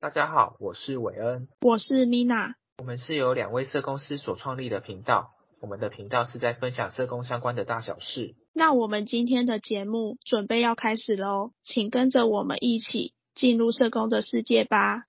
大家好，我是韋恩，我是 Mina，我們是由兩位社工師所創立的頻道，我們的頻道是在分享社工相關的大小事。那我們今天的節目準備要開始嘍，請跟着我們一起進入社工的世界吧。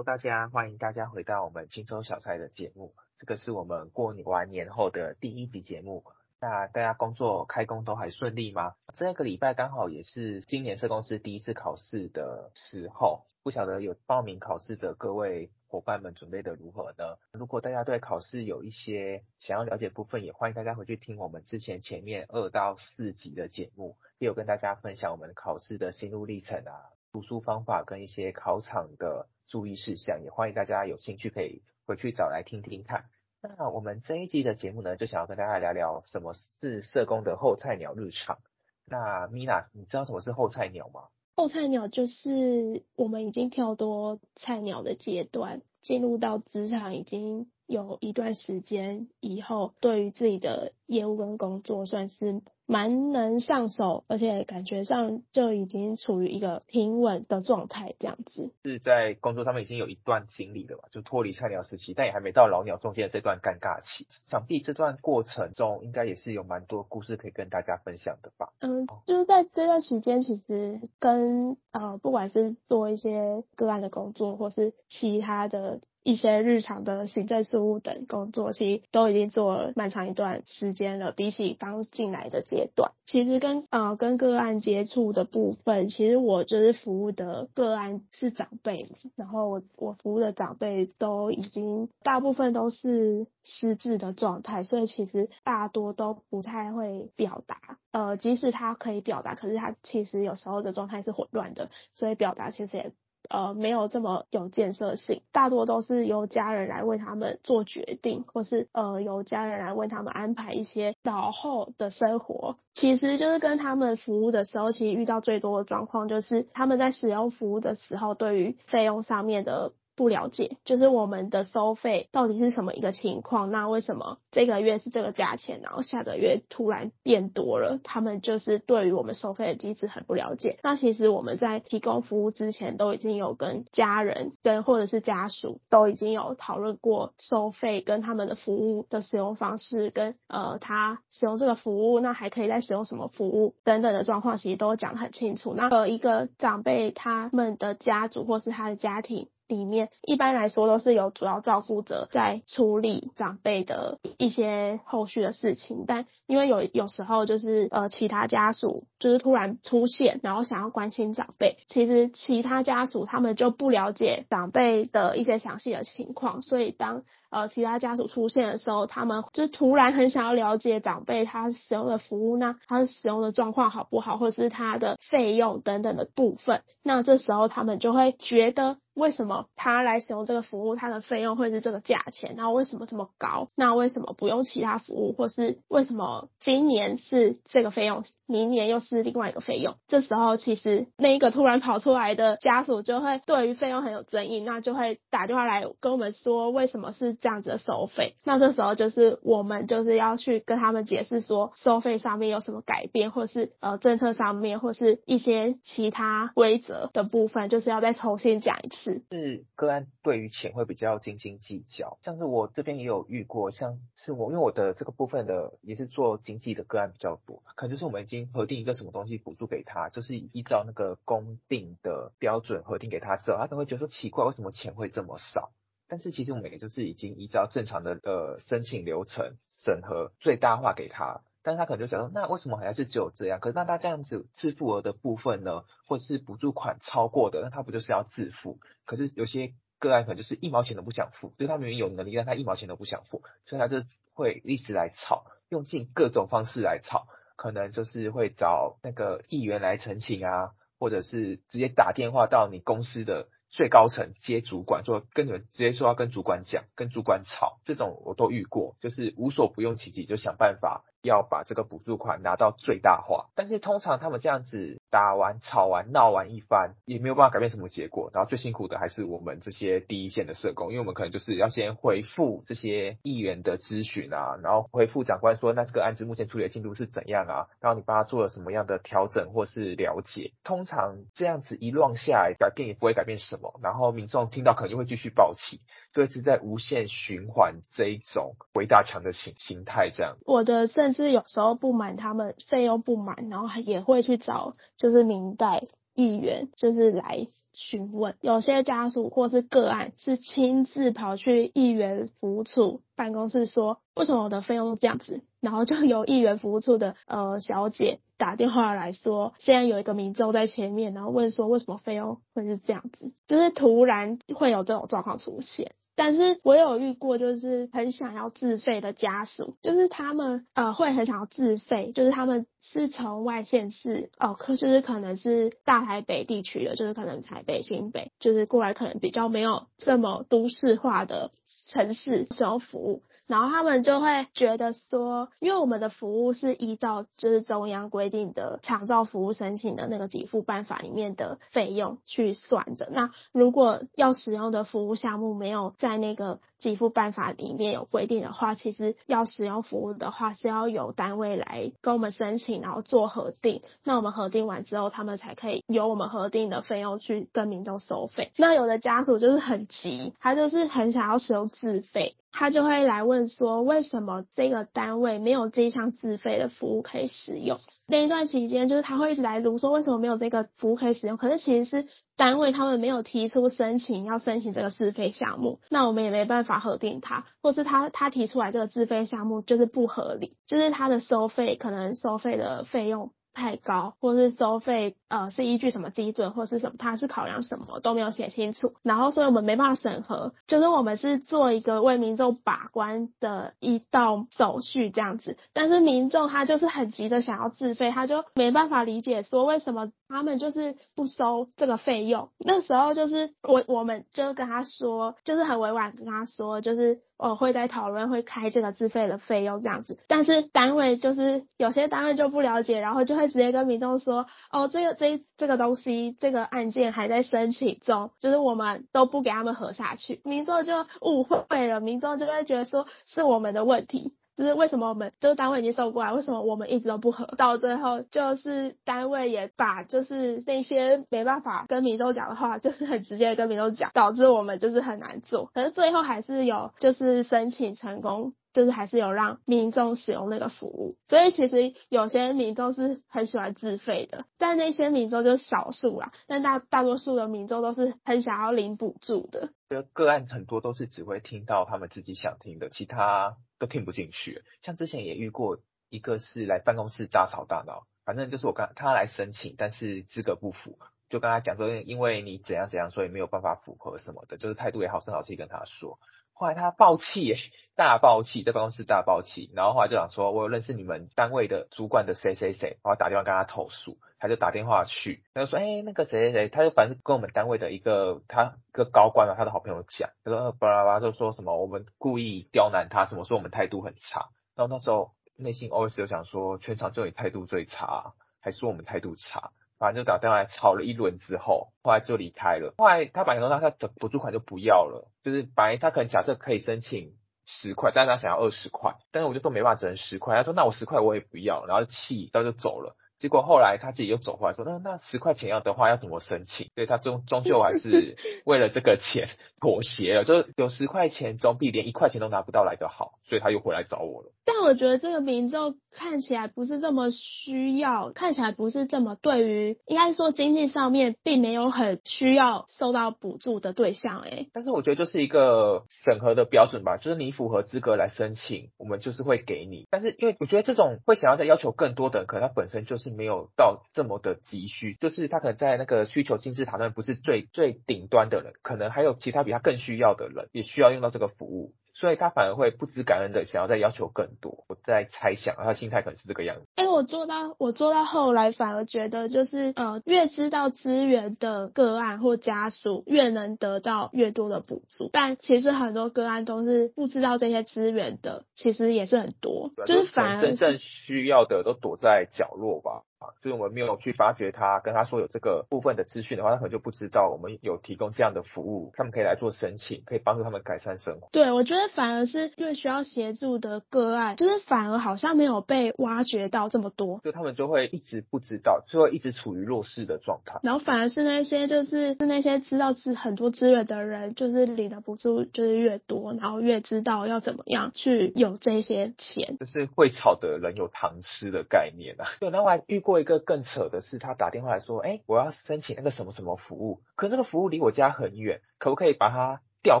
大家歡迎大家回到我們青州小菜的節目，這個是我們過年完年後的第一集節目。那大家工作開工都還順利嗎？這個禮拜剛好也是今年社工師第一次考試的時候，不曉得有報名考試的各位夥伴們準備得如何呢？如果大家對考試有一些想要了解部分，也歡迎大家回去聽我們之前前面二到四集的節目，也有跟大家分享我們考試的心路歷程啊、讀書方法跟一些考場的。注意事項，也歡迎大家有興趣可以回去找來聽聽看。那我們這一集的節目呢，就想要跟大家聊聊什麼是社工的後菜鳥日常。那 Mina，你知道什麼是後菜鳥嗎？後菜鳥就是我們已經跳脫菜鳥的階段，進入到職場已經。有一段時間以後，對於自己的業務跟工作算是蠻能上手，而且感覺上就已經處於一個平穩的狀態，這樣子。是在工作上面已經有一段經歷了吧，就脫離菜鳥時期，但也還沒到老鳥中間的這段尷尬期，想必這段過程中應該也是有蠻多故事可以跟大家分享的吧。嗯，就是在這段時間，其實跟呃，不管是做一些個案的工作，或是其他的。一些日常的行政事務等工作，其實都已經做了蠻長一段時間了。比起剛進來的階段，其實跟呃跟個案接觸的部分，其實我就是服務的個案是長輩，然後我我服務的長輩都已經大部分都是失智的狀態，所以其實大多都不太會表達。呃，即使他可以表達，可是他其實有時候的狀態是混亂的，所以表達其實也。呃，沒有這麼有建設性，大多都是由家人來為他們做決定，或是呃由家人來為他們安排一些老後的生活。其實就是跟他們服務的時候，其實遇到最多的狀況就是他們在使用服務的時候，對於費用上面的。不了解，就是我們的收費到底是什麼一個情況？那為什麼這個月是這個價錢，然後下個月突然變多了？他們就是對於我們收費的機制很不了解。那其實我們在提供服務之前，都已經有跟家人跟，或者是家屬都已經有討論過收費跟他們的服務的使用方式，跟呃他使用這個服務，那還可以再使用什麼服務等等的狀況，其實都講得很清楚。那個、一個長輩他們的家族或是他的家庭。裡面一般來說都是有主要照顧者在處理長輩的一些後續的事情，但因為有有時候就是呃其他家屬就是突然出現，然後想要關心長輩，其實其他家屬他們就不了解長輩的一些詳細的情況，所以當呃其他家屬出現的時候，他們就突然很想要了解長輩他使用的服務呢，他使用的狀況好不好，或者是他的費用等等的部分，那這時候他們就會覺得。為什麼他來使用這個服務，他的費用會是這個價錢？然後為什麼這麼高？那為什麼不用其他服務？或是為什麼今年是這個費用，明年又是另外一個費用？這時候其實那一個突然跑出來的家屬就會對於費用很有爭議，那就會打電話來跟我們說為什麼是這樣子的收費。那這時候就是我們就是要去跟他們解釋說收費上面有什麼改變，或是呃政策上面，或是一些其他規則的部分，就是要再重新講一次。是是個案對於錢會比較斤斤計較，像是我這邊也有遇過，像是我，因為我的這個部分的也是做經濟的個案比較多，可能就是我們已經核定一個什麼東西補助給他，就是依照那個公定的標準核定給他之後，他可能會覺得說奇怪，為什麼錢會這麼少？但是其實我們也就是已經依照正常的呃申請流程審核最大化給他。但是他可能就想說，那為什麼還是只有這樣？可是那他這樣子自付額的部分呢，或者是補助款超過的，那他不就是要自付？可是有些個案可能就是一毛錢都不想付，所以他明明有能力，但他一毛錢都不想付，所以他就會一直來吵，用盡各種方式來吵，可能就是會找那個議員來陳情啊，或者是直接打電話到你公司的。最高層接主管就跟你們直接說，要跟主管講，跟主管吵。這種我都遇過，就是無所不用其極，就想辦法要把這個補助款拿到最大化。但是通常他們這樣子。打完、吵完、鬧完一番，也沒有辦法改變什麼結果。然後最辛苦的還是我們這些第一線的社工，因為我們可能就是要先回復這些議員的諮詢啊，然後回復長官說，那這個案子目前處理的進度是怎樣啊？然後你幫他做了什麼樣的調整或是了解？通常這樣子一亂下來，改變也不會改變什麼。然後民眾聽到可能又會繼續爆起，就是在無限循環這一種圍大牆的形心態。這樣，我的甚至有時候不滿他們費用不滿，然後也會去找。就是明代議員，就是來詢問，有些家屬或是個案是親自跑去議員服務處辦公室說，為什麼我的費用是這樣子？然後就由議員服務處的呃小姐打電話來說，現在有一個民眾在前面，然後問說為什麼費用會是這樣子？就是突然會有這種狀況出現。但是我有遇過，就是很想要自費的家屬，就是他們呃會很想要自費，就是他們是從外縣市哦，可，就是可能是大台北地區的，就是可能台北、新北，就是過來可能比較沒有這麼都市化的城市，需要服務。然後他們就會覺得說，因為我們的服務是依照就是中央規定的長照服務申請的那個給付辦法裡面的費用去算的。那如果要使用的服務項目沒有在那個給付辦法裡面有規定的話，其實要使用服務的話是要由單位來跟我們申請，然後做核定。那我們核定完之後，他們才可以由我們核定的費用去跟民眾收費。那有的家屬就是很急，他就是很想要使用自費。他就會來問說，為什麼這個單位沒有這項自費的服務可以使用？那一段期間，就是他會一直來問說，為什麼沒有這個服務可以使用？可是其實是單位他們沒有提出申請，要申請這個自費項目，那我們也沒辦法核定他，或是他他提出來這個自費項目就是不合理，就是他的收費可能收費的費用。太高，或是收費，呃，是依據什麼基準，或是什麼，他是考量，什麼都沒有寫清楚，然後所以我們沒辦法審核，就是我們是做一個為民眾把關的一道手續這樣子，但是民眾他就是很急的想要自費，他就沒辦法理解說為什麼他們就是不收這個費用，那時候就是我我們就跟他說，就是很委婉跟他說，就是。哦，會在討論會開這個自費的費用這樣子，但是單位就是有些單位就不了解，然後就會直接跟民眾說，哦，這個這這個東西，這個案件還在申請中，就是我們都不給他們核下去，民眾就誤會了，民眾就會覺得說是我們的問題。就是為什麼我們就是單位已經送過來，為什麼我們一直都不合？到最後就是單位也把就是那些沒辦法跟民眾講的話，就是很直接跟民眾講，導致我們就是很難做。可是最後還是有就是申請成功。就是還是有讓民眾使用那個服務，所以其實有些民眾是很喜歡自費的，但那些民眾就少數啦。但大大多數的民眾都是很想要領補助的。個個案很多都是只會聽到他們自己想聽的，其他都聽不進去。像之前也遇過一個是來辦公室大吵大鬧，反正就是我跟他來申請，但是資格不符，就跟他講說，因為你怎樣怎樣，所以沒有辦法符合什麼的，就是態度也好，聲好氣跟他說。後來他爆氣，大爆氣，在辦公室大爆氣，這個，然後後來就想說，我有認識你們單位的主管的誰誰誰，然後打電話跟他投訴，他就打電話去，他就說，哎、欸，那個誰誰誰，他就反正跟我們單位的一個他一個高官啊，他的好朋友講，他說巴拉巴拉就說什麼，我們故意刁難他，什麼說我們態度很差，然後那時候內心 OS 有想說，全場就你態度最差，還說我們態度差。反正就打電話來吵了一輪之後，後來就離開了。後來他本來說他他的補助款就不要了，就是本來他可能假設可以申請十塊，但是他想要二十塊，但是我就說沒辦法，只能十塊。他說那我十塊我也不要，然後氣到就走了。結果後來他自己又走回來說，說那那十塊錢要的話要怎麼申請？所以他終終究還是為了這個錢妥協了，就是有十塊錢總比連一塊錢都拿不到來的好，所以他又回來找我了。但我覺得這個民眾看起來不是這麼需要，看起來不是這麼對於，應該說經濟上面並沒有很需要受到補助的對象誒、欸。但是我覺得就是一個審核的標準吧，就是你符合資格來申請，我們就是會給你。但是因為我覺得這種會想要再要求更多的人，可能他本身就是沒有到這麼的急需，就是他可能在那個需求金字塔上不是最最頂端的人，可能還有其他比他更需要的人也需要用到這個服務。所以他反而會不知感恩的，想要再要求更多。我在猜想，他心態可能是這個樣子。哎、欸，我做到，我做到後來反而覺得，就是呃，越知道資源的個案或家屬，越能得到越多的補助。但其實很多個案都是不知道這些資源的，其實也是很多，就是反而就真正需要的都躲在角落吧。啊，所以我們沒有去發掘他，跟他說有這個部分的資訊的話，他可能就不知道我們有提供這樣的服務，他們可以來做申請，可以幫助他們改善生活。對，我覺得反而是越需要協助的個案，就是反而好像沒有被挖掘到這麼多，就他們就會一直不知道，就會一直處於弱勢的狀態。然後反而是那些就是那些知道資很多資源的人，就是領的補助就是越多，然後越知道要怎麼樣去有這些錢。就是會吵的人有糖吃的概念啊，對，那我還遇過。做一個更扯的是，他打電話來說：“哎、欸，我要申請那個什麼什麼服務，可這個服務離我家很遠，可不可以把它？”調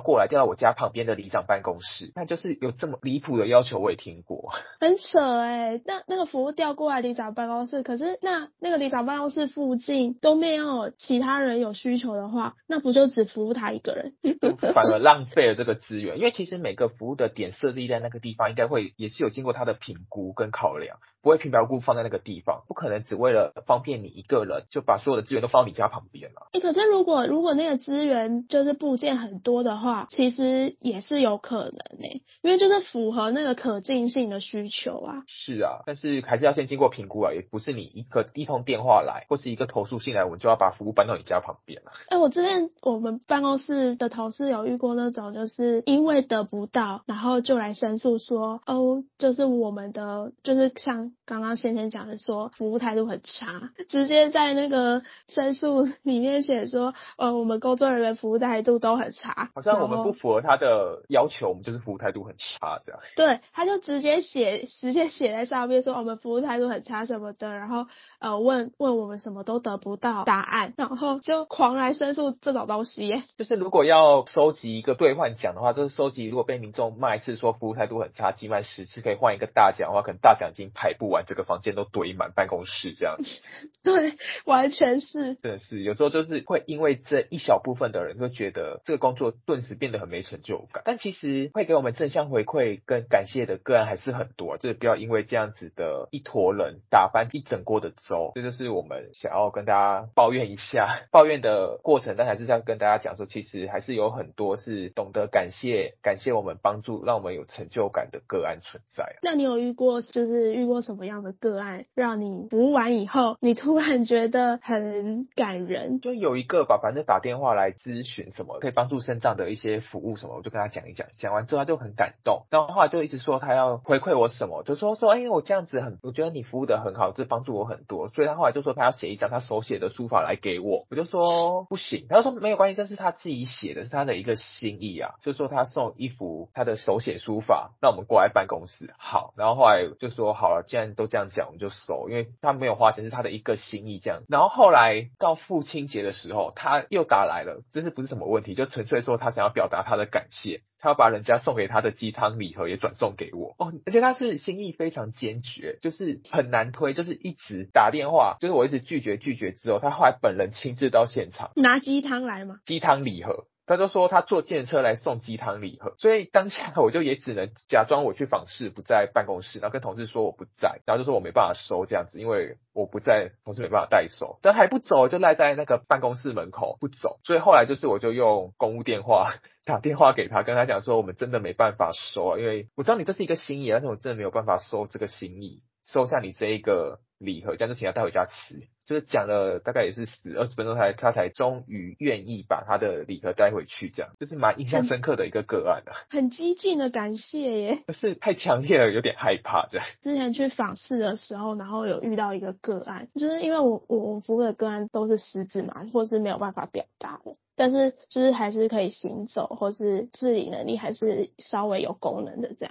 過來，調到我家旁邊的里長辦公室，那就是有這麼離譜的要求，我也聽過。很扯哎、欸，那那個服務調過來的里長辦公室，可是那那個里長辦公室附近都沒有其他人有需求的話，那不就只服務他一個人？ 反而浪費了這個資源，因為其實每個服務的點設立在那個地方應該，應該會也是有經過他的評估跟考量，不會平白無故放在那個地方，不可能只為了方便你一個人就把所有的資源都放到你家旁邊了。哎、欸，可是如果如果那個資源就是部件很多的。的話，其實也是有可能的、欸。因為就是符合那個可近性的需求啊。是啊，但是還是要先經過評估啊，也不是你一個一通電話來，或是一個投訴進來，我們就要把服務搬到你家旁邊了。哎、欸，我之前我們辦公室的同事有遇過那種，就是因為得不到，然後就來申訴說，哦，就是我們的，就是像剛剛先前講的說，服務態度很差，直接在那個申訴裡面寫說，呃、哦，我們工作人員服務態度都很差。啊好像我們不符合他的要求，我們就是服務態度很差這樣。對，他就直接寫，直接寫在上面說我們服務態度很差什麼的，然後呃問問我們什麼都得不到答案，然後就狂來申訴這種東西耶。就是如果要收集一個兌換獎的話，就是收集如果被民眾罵一次說服務態度很差，集滿十次可以換一個大獎的話，可能大獎金排不完，整、這個房間都堆滿辦公室這樣子。 對，完全是。真的是有時候就是會因為這一小部分的人就覺得這個工作。頓時變得很沒成就感，但其實會給我們正向回饋跟感謝的個案還是很多。啊，就是不要因為這樣子的一坨人打翻一整鍋的粥，這就，就是我們想要跟大家抱怨一下，抱怨的過程，但還是要跟大家講說，其實還是有很多是懂得感謝，感謝我們幫助，讓我們有成就感的個案存在。啊，那你有遇過，就是遇過什麼樣的個案，讓你服務完以後，你突然覺得很感人？就有一個吧，反正打電話來諮詢什麼可以幫助腎臟的一些服務什麼，我就跟他講一講，講完之後他就很感動，然後後來就一直說他要回饋我什麼，就說說哎、欸，我這樣子很，我覺得你服務的很好，這幫助我很多，所以他後來就說他要寫一張他手寫的書法來給我，我就說不行，他就說沒有關係，這是他自己寫的，是他的一個心意啊，就說他送一幅他的手寫書法，那我們過來辦公室好，然後後來就說好了，既然都這樣講，我們就收，因為他沒有花錢，是他的一個心意這樣，然後後來到父親節的時候，他又打來了，這是不是什麼問題，就純粹說他。想要表達他的感謝，他要把人家送給他的雞湯禮盒也轉送給我。哦，而且他是心意非常堅決，就是很難推，就是一直打電話，就是我一直拒絕拒絕之後，他後來本人親自到現場，拿雞湯來嗎？雞湯禮盒。他就說他坐電車來送雞湯禮盒，所以當下我就也只能假裝我去訪視不在辦公室，然後跟同事說我不在，然後就說我沒辦法收這樣子，因為我不在，同事沒辦法代收。但還不走，就賴在那個辦公室門口不走。所以後來就是我就用公務電話打電話給他，跟他講說我們真的沒辦法收啊，因為我知道你這是一個心意，但是我真的沒有辦法收這個心意，收下你這一個。禮盒，這樣就請他帶回家吃。就是講了大概也是十二十分鐘，才他才終於願意把他的禮盒帶回去，這樣就是蠻印象深刻的一個個案啊，很，很激進的感謝耶，可、就是太強烈了，有點害怕。這樣，之前去訪視的時候，然後有遇到一個個案，就是因為我我我服務的個案都是失智嘛，或是沒有辦法表達的，但是就是還是可以行走，或是自理能力還是稍微有功能的這樣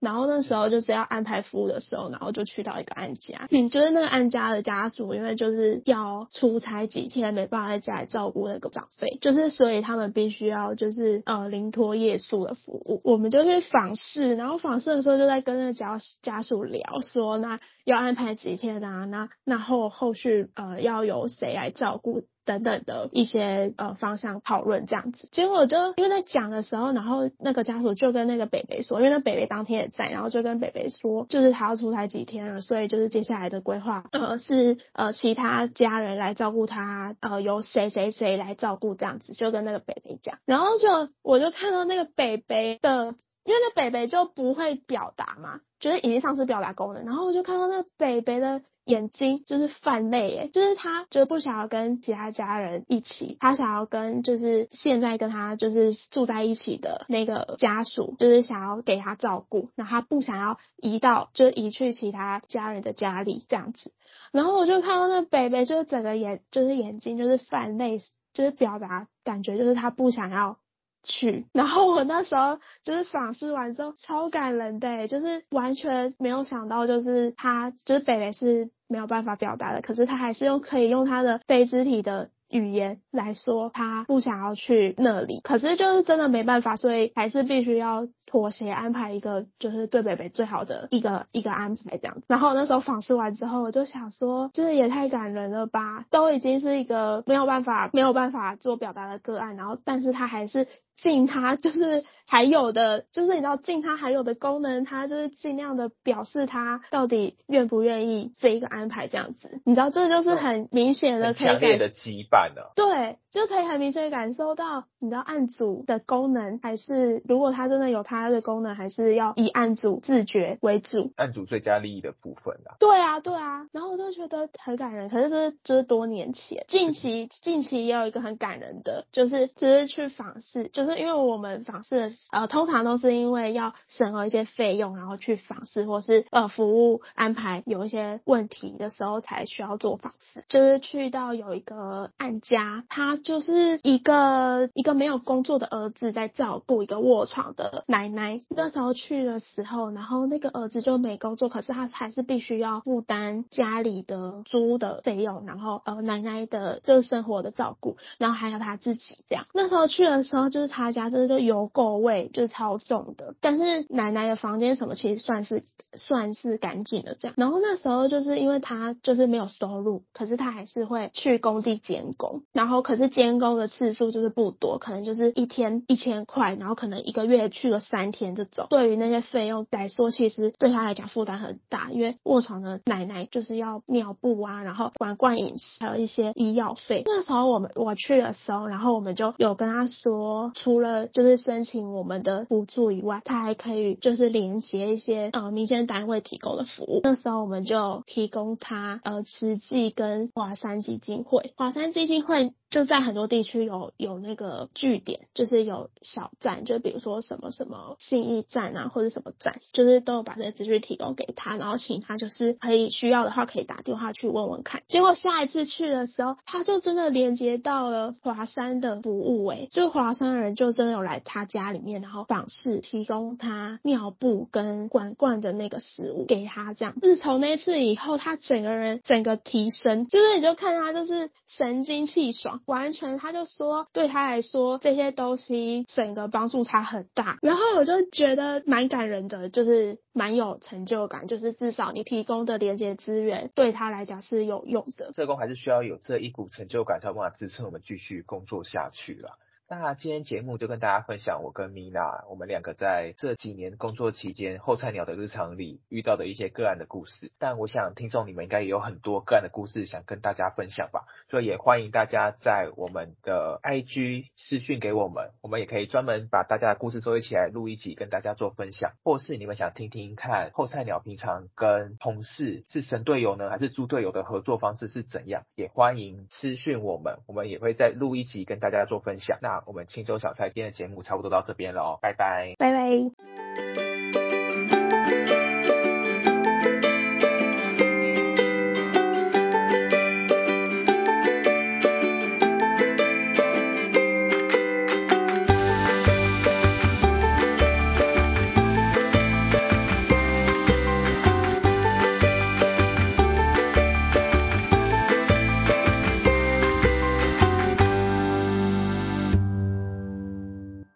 然後那時候就是要安排服務的時候，然後就去到一個案家。就是那個案家的家屬，因為就是要出差幾天，沒辦法在家裡照顧那個長輩，就是所以他們必須要就是呃臨托夜宿的服務。我們就去訪視，然後訪視的時候就在跟那個家屬家屬聊說，說那要安排幾天啊，那那後後續呃要由誰來照顧？等等的一些呃方向討論這樣子，結果我就因為在講的時候，然後那個家屬就跟那個北北說，因為那北北當天也在，然後就跟北北說，就是他要出差幾天了，所以就是接下來的規劃，呃是呃其他家人來照顧他，呃由誰誰誰來照顧這樣子，就跟那個北北講，然後就我就看到那個北北的，因為那北北就不會表達嘛，就是已經喪失表達功能，然後我就看到那北北的。眼睛就是泛淚，哎，就是他就是不想要跟其他家人一起，他想要跟就是現在跟他就是住在一起的那個家屬，就是想要給他照顧，然後他不想要移到就是移去其他家人的家裡這樣子。然後我就看到那北北就是整個眼就是眼睛就是泛淚，就是表達感覺就是他不想要。去，然後我那時候就是訪視完之後，超感人的、欸，就是完全沒有想到就是他，就是他就是北菲是沒有辦法表達的，可是他還是用可以用他的非肢體的。語言來說，他不想要去那裡，可是就是真的沒辦法，所以還是必須要妥協，安排一個就是對北北最好的一個一個安排這樣子。然後那時候訪視完之後，我就想說，就是也太感人了吧，都已經是一個沒有辦法沒有辦法做表達的個案，然後但是他還是盡他就是還有的，就是你知道盡他還有的功能，他就是盡量的表示他到底願不願意這一個安排這樣子。你知道這就是很明顯的，可強烈的羈絆。對，就可以很明顯感受到，你知道案主的功能還是，如果他真的有他的功能，還是要以案主自決為主，案主最佳利益的部分啊。對啊，對啊，然後我就覺得很感人。可是這、就是這、就是多年前，近期近期也有一個很感人的，就是只、就是去訪視，就是因為我們訪視的呃，通常都是因為要審核一些費用，然後去訪視或是呃服務安排有一些問題的時候，才需要做訪視，就是去到有一個案。家，他就是一個一個沒有工作的兒子在照顧一個臥床的奶奶。那時候去的時候，然後那個兒子就沒工作，可是他還是必須要負擔家裡的租的費用，然後呃奶奶的這個、就是、生活的照顧，然後還有他自己這樣。那時候去的時候，就是他家就是就油垢味就是超重的，但是奶奶的房間什麼其實算是算是乾淨的這樣。然後那時候就是因為他就是沒有收入，可是他還是會去工地撿。工，然後可是監工的次數就是不多，可能就是一天一千塊，然後可能一個月去了三天這種。對於那些費用來說，其實對他來講負擔很大，因為臥床的奶奶就是要尿布啊，然後管灌飲食，還有一些醫藥費。那時候我們我去的時候，然後我們就有跟他說，除了就是申請我們的補助以外，他還可以就是連結一些呃民間單位提供的服務。那時候我們就提供他呃慈濟跟華山基金會，華山基。機會。就在很多地區有有那個據點，就是有小站，就比如說什麼什麼信義站啊，或者什麼站，就是都有把這些資訊提供給他，然後請他就是可以需要的話可以打電話去問問看。結果下一次去的時候，他就真的連接到了華山的服務誒、欸，就華山的人就真的有來他家裡面，然後訪視，提供他尿布跟管灌的那個食物給他。這樣自從那次以後，他整個人整個提升，就是你就看他就是神清氣爽。完全，他就說對他來說這些東西整個幫助他很大，然後我就覺得蠻感人的，就是蠻有成就感，就是至少你提供的連結資源對他來講是有用的。社工還是需要有這一股成就感，才有辦法支撐我們繼續工作下去了、啊。那今天節目就跟大家分享我跟米娜，我們兩個在這幾年工作期間後菜鳥的日常裡遇到的一些個案的故事。但我想聽眾你們應該也有很多個案的故事想跟大家分享吧，所以也歡迎大家在我們的 IG 私訊給我們，我們也可以專門把大家的故事都一起來錄一集跟大家做分享。或是你們想聽聽看後菜鳥平常跟同事是神隊友呢，還是豬隊友的合作方式是怎樣，也歡迎私訊我們，我們也會再錄一集跟大家做分享。那。 我們青州小菜今天的節目差不多到這邊了哦，拜拜，拜拜。